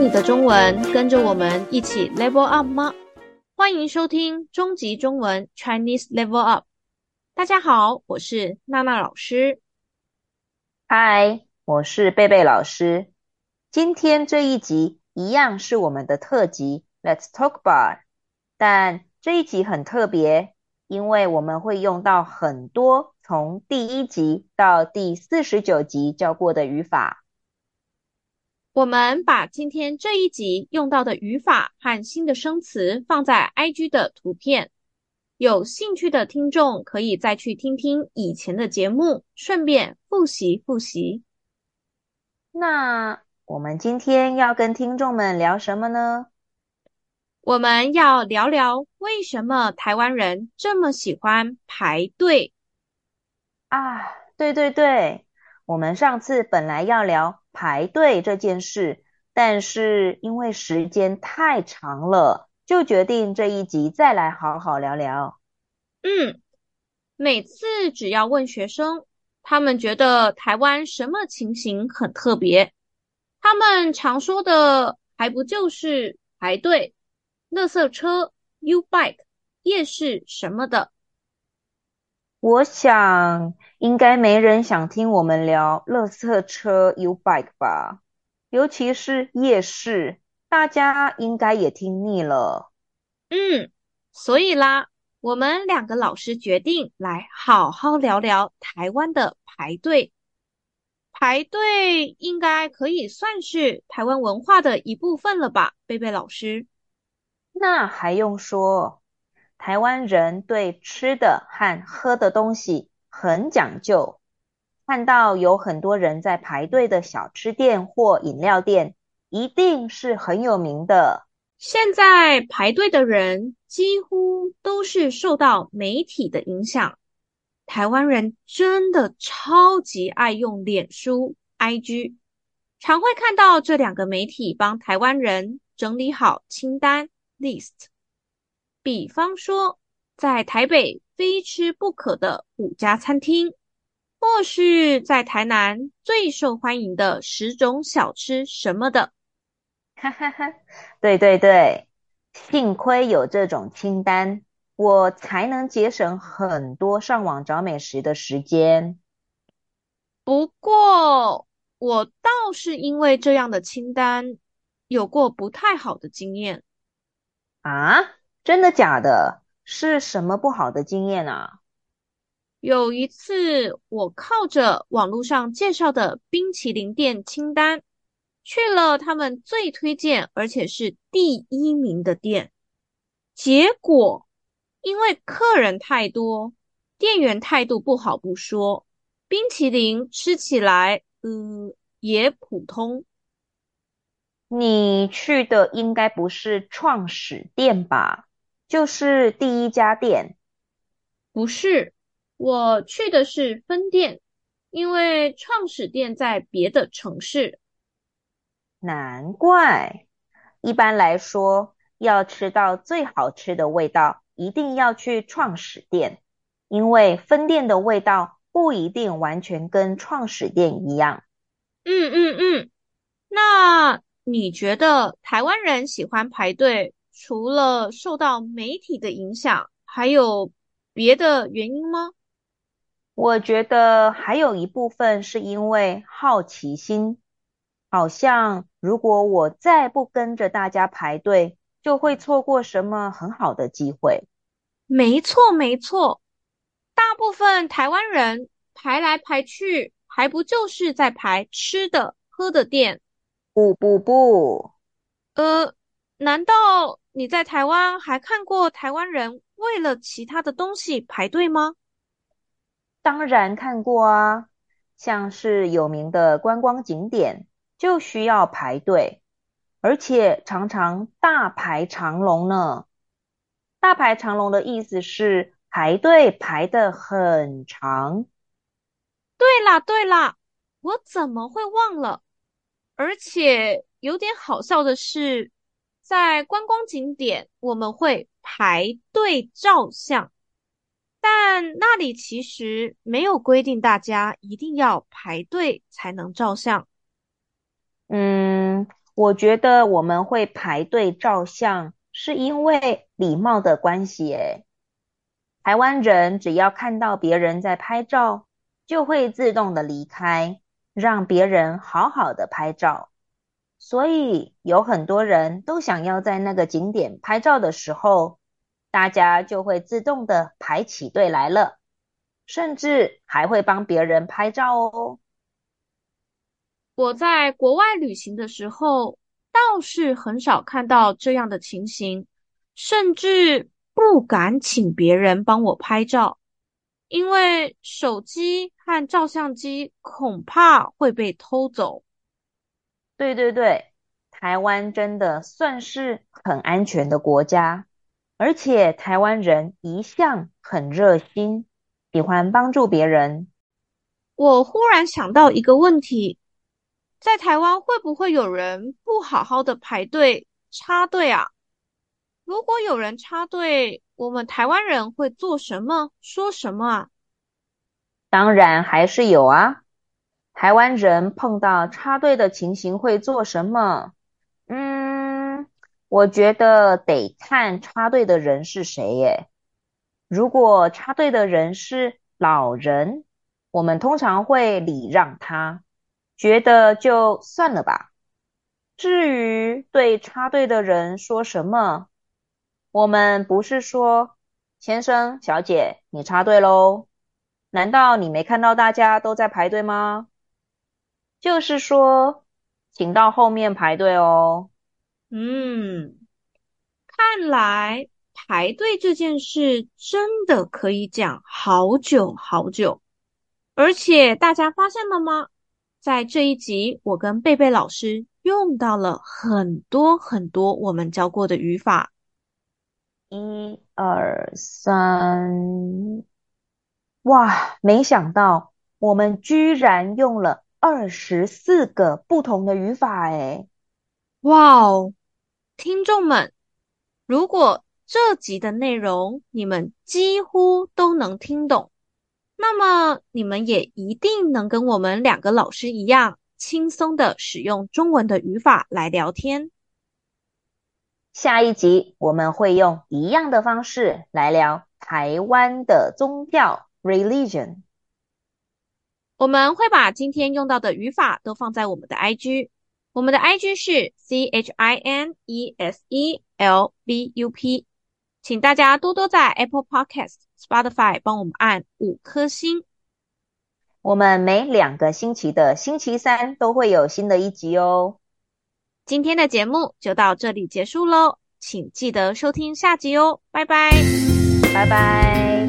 你的中文跟着我們一起 level up 嗎？歡迎收聽終極中文 Chinese Level Up。大家好，我是娜娜老師。嗨，我是貝貝老師。今天這一集一樣是我們的特輯，Let's talk bar。但這一集很特別，因為我們會用到很多從第一集到第四十九集教過的語法。我們把今天這一集用到的語法和新的生詞放在 IG 的圖片，有興趣的聽眾可以再去聽聽以前的節目，順便複習複習。那我們今天要跟聽眾們聊什麼呢？我們要聊聊為什麼台灣人這麼喜歡排隊。啊，對對對，我們上次本來要聊。排隊這件事，但是因為時間太長了，就決定這一集再來好好聊聊。嗯，每次只要問學生，他們覺得台灣什麼情形很特別，他們常說的還不就是排隊、垃圾車、U-bike、夜市什麼的。我想。應該沒人想聽我們聊垃圾車 U Bike 吧，尤其是夜市，大家應該也聽膩了。嗯，所以啦，我們兩個老師決定來好好聊聊台灣的排隊。排隊應該可以算是台灣文化的一部分了吧，貝貝老師？那還用說，台灣人對吃的和喝的東西。很講究，看到有很多人在排隊的小吃店或飲料店，一定是很有名的。現在排隊的人幾乎都是受到媒體的影響。臺灣人真的超級愛用臉書、IG，常會看到這兩個媒體幫臺灣人整理好清單、list。比方說，在台北非吃不可的五家餐廳，或是在台南最受歡迎的十種小吃什麼的，哈哈哈！對對對，幸虧有這種清單，我才能節省很多上網找美食的時間。不過，我倒是因為這樣的清單，有過不太好的經驗。啊？真的假的？是什麼不好的經驗啊？有一次，我靠着網絡上介紹的冰淇淋店清單，去了他們最推薦而且是第一名的店，結果因為客人太多，店員態度不好不說，冰淇淋吃起來，呃，也普通。你去的應該不是創始店吧？就是第一家店？不是，我去的是分店，因為創始店在別的城市。難怪，一般來說，要吃到最好吃的味道，一定要去創始店，因為分店的味道不一定完全跟創始店一樣。嗯嗯嗯，那你覺得台灣人喜歡排隊？除了受到媒體的影響，還有別的原因嗎？我覺得還有一部分是因為好奇心。好像如果我再不跟着大家排隊，就會錯過什麼很好的機會。沒錯沒錯，大部分台灣人排來排去，還不就是在排吃的、喝的店。不不不，呃。難道你在台灣還看過台灣人為了其他的東西排隊嗎？當然看過啊，像是有名的觀光景點就需要排隊，而且常常大排長龍呢。大排長龍的意思是排隊排得很長。對啦對啦，我怎麼會忘了？而且有點好笑的是。在觀光景點，我們會排隊照相，但那裡其實沒有規定大家一定要排隊才能照相。嗯，我覺得我們會排隊照相是因為禮貌的關係。台灣人只要看到別人在拍照，就會自動的離開，讓別人好好的拍照。所以有很多人都想要在那個景點拍照的時候，大家就會自動的排起隊來了，甚至還會幫別人拍照哦。我在國外旅行的時候，倒是很少看到這樣的情形，甚至不敢請別人幫我拍照，因為手機和照相機恐怕會被偷走。對對對，台灣真的算是很安全的國家，而且台灣人一向很熱心，喜歡幫助別人。我忽然想到一個問題，在台灣會不會有人不好好的排隊，插隊啊？如果有人插隊，我們台灣人會做什麼，說什麼啊？當然還是有啊。台灣人碰到插隊的情形會做什麼？嗯，我覺得得看插隊的人是誰耶。如果插隊的人是老人，我們通常會禮讓他，覺得就算了吧。至於對插隊的人說什麼，我們不是說“先生、小姐，你插隊嘍”，難道你沒看到大家都在排隊嗎？就是說，請到後面排隊哦。嗯，看來排隊這件事真的可以講好久好久。而且大家發現了嗎？在這一集，我跟貝貝老師用到了很多很多我們教過的語法。一二三，哇！沒想到我們居然用了。二十四個不同的語法誒，哎，哇哦！聽眾們，如果這集的內容你們幾乎都能聽懂，那麼你們也一定能跟我們兩個老師一樣輕鬆地使用中文的語法來聊天。下一集我們會用一樣的方式來聊台灣的宗教 （religion）。我們會把今天用到的語法都放在我們的 IG，我們的 IG 是 c h i n e s e l b u p，請大家多多在 Apple Podcast、Spotify 幫我們按五顆星。我們每兩個星期的星期三都會有新的一集哦。今天的節目就到這裡結束嘍，請記得收聽下集哦，拜拜，拜拜。